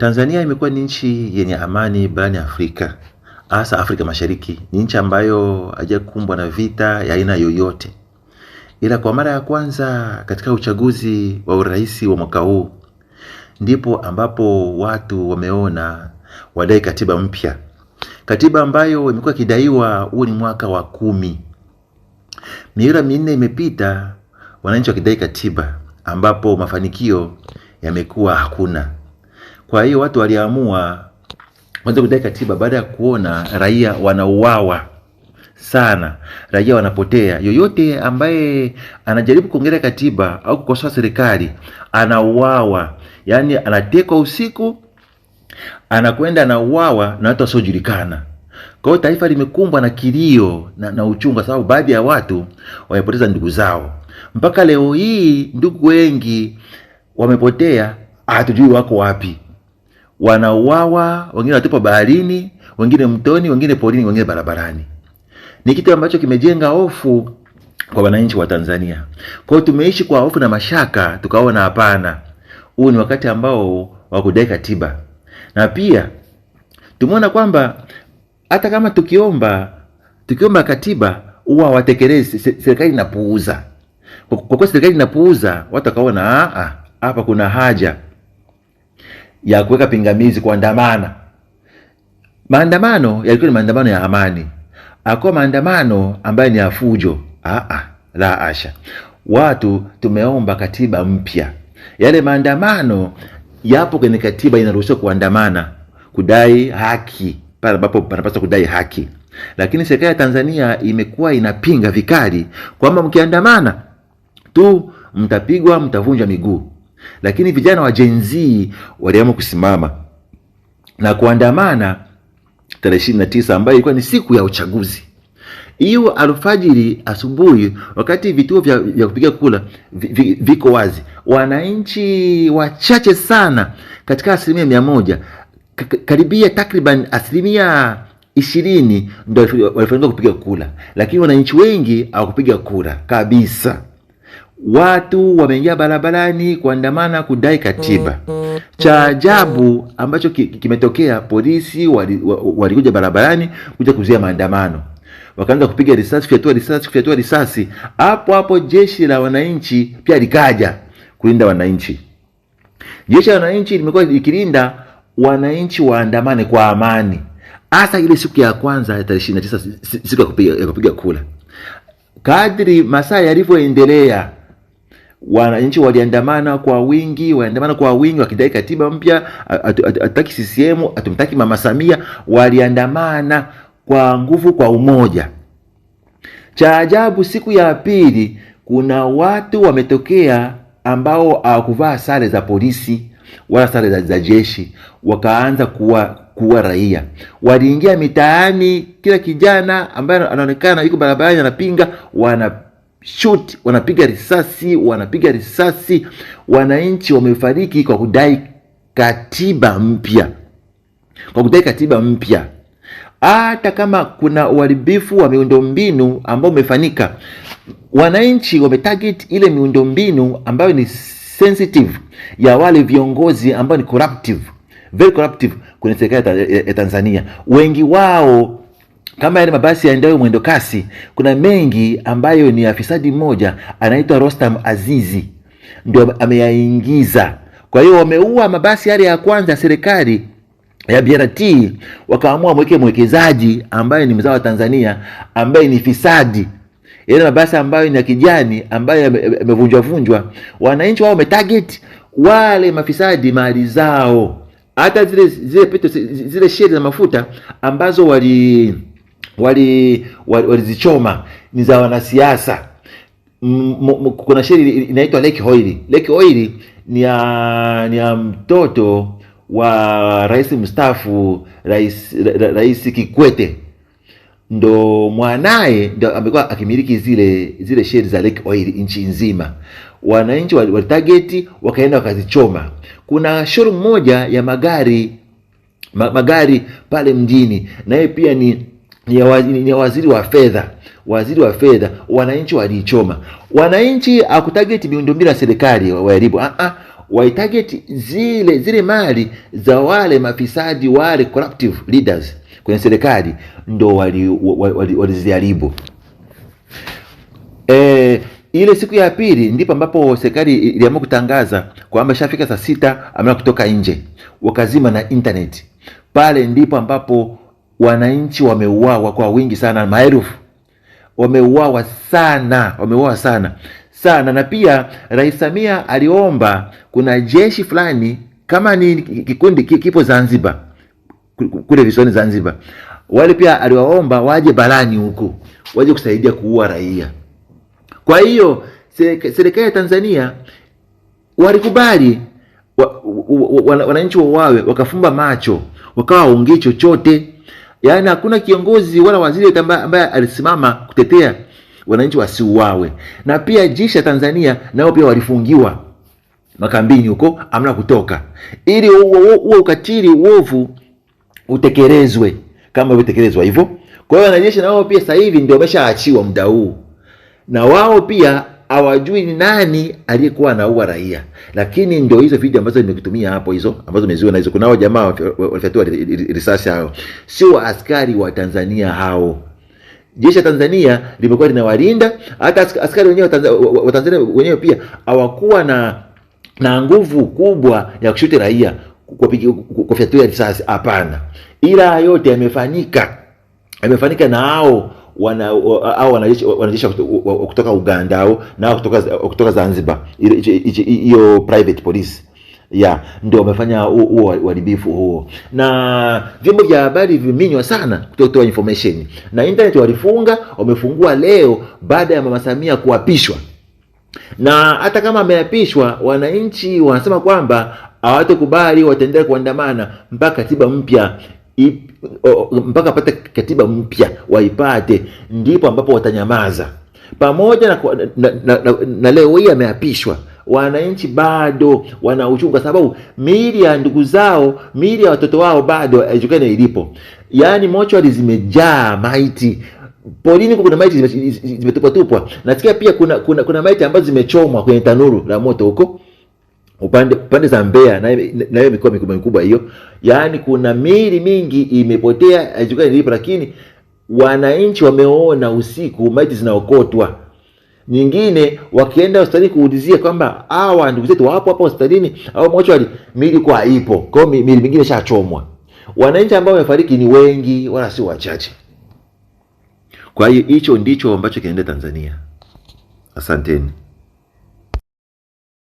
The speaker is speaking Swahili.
Tanzania imekuwa ni nchi yenye amani barani Afrika, hasa Afrika Mashariki. Ni nchi ambayo haijakumbwa na vita ya aina yoyote, ila kwa mara ya kwanza katika uchaguzi wa urais wa mwaka huu ndipo ambapo watu wameona wadai katiba mpya, katiba ambayo imekuwa ikidaiwa. Huu ni mwaka wa kumi, miaka minne imepita, wananchi wakidai katiba ambapo mafanikio yamekuwa hakuna. Kwa hiyo watu waliamua kwanza kudai katiba baada ya kuona raia wanauawa sana, raia wanapotea. Yoyote ambaye anajaribu kuongelea katiba au kukosoa serikali anauawa, yaani anatekwa usiku, anakwenda anauawa na watu wasiojulikana. Kwa hiyo taifa limekumbwa na kilio na, na uchungu, sababu baadhi ya watu wamepoteza ndugu zao. Mpaka leo hii ndugu wengi wamepotea, hatujui wako wapi wanauawa, wengine wanatupwa baharini, wengine mtoni, wengine porini, wengine barabarani. Ni kitu ambacho kimejenga hofu kwa wananchi wa Tanzania. Kwa hiyo tumeishi kwa hofu na mashaka, tukaona hapana, huu ni wakati ambao wa kudai katiba, na pia tumeona kwamba hata kama tukiomba tukiomba katiba huwa watekelezi serikali inapuuza. Kwa kuwa serikali inapuuza, watu wakaona hapa kuna haja ya kuweka pingamizi kuandamana. Maandamano yalikuwa ni maandamano ya amani, akuwa maandamano ambayo ni ya fujo. Aa, la asha, watu tumeomba katiba mpya. Yale maandamano yapo kwenye katiba, inaruhusiwa kuandamana kudai haki pale ambapo panapaswa kudai haki, lakini serikali ya Tanzania imekuwa inapinga vikali kwamba mkiandamana tu mtapigwa, mtavunjwa miguu lakini vijana wa Gen Z waliamua kusimama na kuandamana tarehe ishirini na tisa ambayo ilikuwa ni siku ya uchaguzi. Hiyo alfajiri, asubuhi, wakati vituo vya, vya kupiga kura viko wazi, wananchi wachache sana katika asilimia mia moja karibia takriban asilimia ishirini ndo walifanikiwa kupiga kura, lakini wananchi wengi hawakupiga kura kabisa. Watu wameingia barabarani kuandamana kudai katiba. Cha ajabu ambacho kimetokea, polisi walikuja wali barabarani kuja kuzuia maandamano, wakaanza kupiga risasi, kufyatua risasi, kufyatua risasi. Hapo hapo jeshi la wananchi pia likaja kulinda wananchi. Jeshi la wananchi limekuwa likilinda wananchi waandamane kwa amani, hasa ile siku ya kwanza ya tarehe 29 siku ya kupiga kura. Kadri masaa yalivyoendelea wananchi waliandamana kwa wingi, waliandamana kwa wingi wakidai katiba mpya, hatutaki CCM, hatumtaki mama Samia. Waliandamana kwa nguvu, kwa umoja. Cha ajabu, siku ya pili kuna watu wametokea ambao hawakuvaa sare za polisi wala sare za, za jeshi, wakaanza kuwa kuwa raia. Waliingia mitaani, kila kijana ambaye anaonekana yuko barabarani anapinga wana shoti, wanapiga risasi, wanapiga risasi. Wananchi wamefariki kwa kudai katiba mpya, kwa kudai katiba mpya. Hata kama kuna uharibifu wa miundombinu ambao umefanyika, wananchi wametarget ile miundombinu ambayo ni sensitive ya wale viongozi ambao ni corruptive, very corruptive kwenye serikali ya Tanzania. Wengi wao kama yale mabasi yaendayo mwendo kasi, kuna mengi ambayo ni afisadi mmoja anaitwa Rostam Azizi ndio ameyaingiza. Kwa hiyo wameua mabasi yale ya kwanza ya serikali ya BRT, wakaamua mweke mwekezaji ambaye ni mzao wa Tanzania ambaye ni fisadi yale mabasi ambayo ni ya kijani ambayo yamevunjwa vunjwa, wananchi wao wametarget wale mafisadi mali zao, hata zile zile pete zile sheli za mafuta ambazo wali walizichoma wali ni za wanasiasa. Kuna sheri inaitwa Lake Oil. Lake Oil ni ya ni ya mtoto wa rais mstaafu rais, rais Kikwete ndo mwanaye ndo amekuwa akimiliki zile zile sheri za Lake Oil nchi nzima. Wananchi walitageti wakaenda wakazichoma. Kuna showroom moja ya magari ma, magari pale mjini, naye pia ni ni waziri wa fedha, waziri wa fedha. Wananchi waliichoma, wananchi akutageti miundombinu ya serikali waharibu, a a waitageti ah, ah. zile zile mali za wale mafisadi wale corruptive leaders kwenye serikali ndo waliziharibu wali, wali e, ile siku ya pili ndipo ambapo serikali iliamua kutangaza kwamba shafika saa sita amna kutoka nje, wakazima na internet. Pale ndipo ambapo wananchi wameuawa kwa wingi sana, maelfu wameuawa sana, wameuawa sana sana. Na pia Rais Samia aliomba kuna jeshi fulani kama ni kikundi kipo Zanzibar kule visiwani Zanzibar, wale pia aliwaomba waje barani huko waje kusaidia kuua raia. Kwa hiyo serikali ya Tanzania walikubali wananchi wa, wa, wa, wa, wawawe wakafumba macho wakawa waongei chochote. Yaani hakuna kiongozi wala waziri ambaye alisimama kutetea wananchi wasiuawe. Na pia jeshi la Tanzania nao pia walifungiwa makambini huko, amna kutoka, ili huo ukatili uovu utekelezwe kama ilivyotekelezwa hivyo. Kwa hiyo wanajeshi nao pia sasa hivi ndio wameshaachiwa muda huu, na wao pia hawajui ni nani aliyekuwa anaua raia, lakini ndio hizo video ambazo nimekutumia hapo, hizo ambazo meziona hizo, kunao jamaa walifyatua risasi, hao sio askari wa Tanzania hao. Jeshi la Tanzania limekuwa linawalinda, hata askari wenyewe wa Tanzania wenyewe pia hawakuwa na na nguvu kubwa ya kushuti raia kufyatua risasi, hapana, ila yote yamefanyika, yamefanyika na hao wana au wanajeshi kutoka Uganda au na kutoka kutoka Zanzibar, hiyo private police ya ndio wamefanya huo uharibifu huo, na vyombo vya habari viminywa sana kutotoa information, na internet walifunga, wamefungua leo baada ya mama Samia kuapishwa. Na hata kama ameapishwa, wananchi wanasema kwamba hawatokubali, wataendelea kuandamana mpaka katiba mpya mpaka apate katiba mpya waipate, ndipo ambapo watanyamaza pamoja na, na, na, na, na leo hii ameapishwa wananchi bado wanauchunga kwa sababu miili ya ndugu zao, miili ya watoto wao bado haijulikani ilipo. Yaani mochwari zimejaa maiti, polini kuna maiti zimetupwatupwa. Nasikia pia kuna, kuna, kuna maiti ambazo zimechomwa kwenye tanuru la moto huko upande pande za Mbeya hiyo mikoa mikubwa mikubwa hiyo, yaani kuna miili mingi imepotea, haijulikani ilipo, lakini wananchi wameona usiku maiti zinaokotwa. Nyingine wakienda hospitalini kuulizia kwamba hawa ndugu zetu wapo hapa hospitalini au mochwali, mili kwa ipo kwa hiyo mingine shachomwa. Wananchi ambao wamefariki ni wengi, wala sio wachache. Kwa hiyo hicho ndicho ambacho kinaenda Tanzania. Asanteni.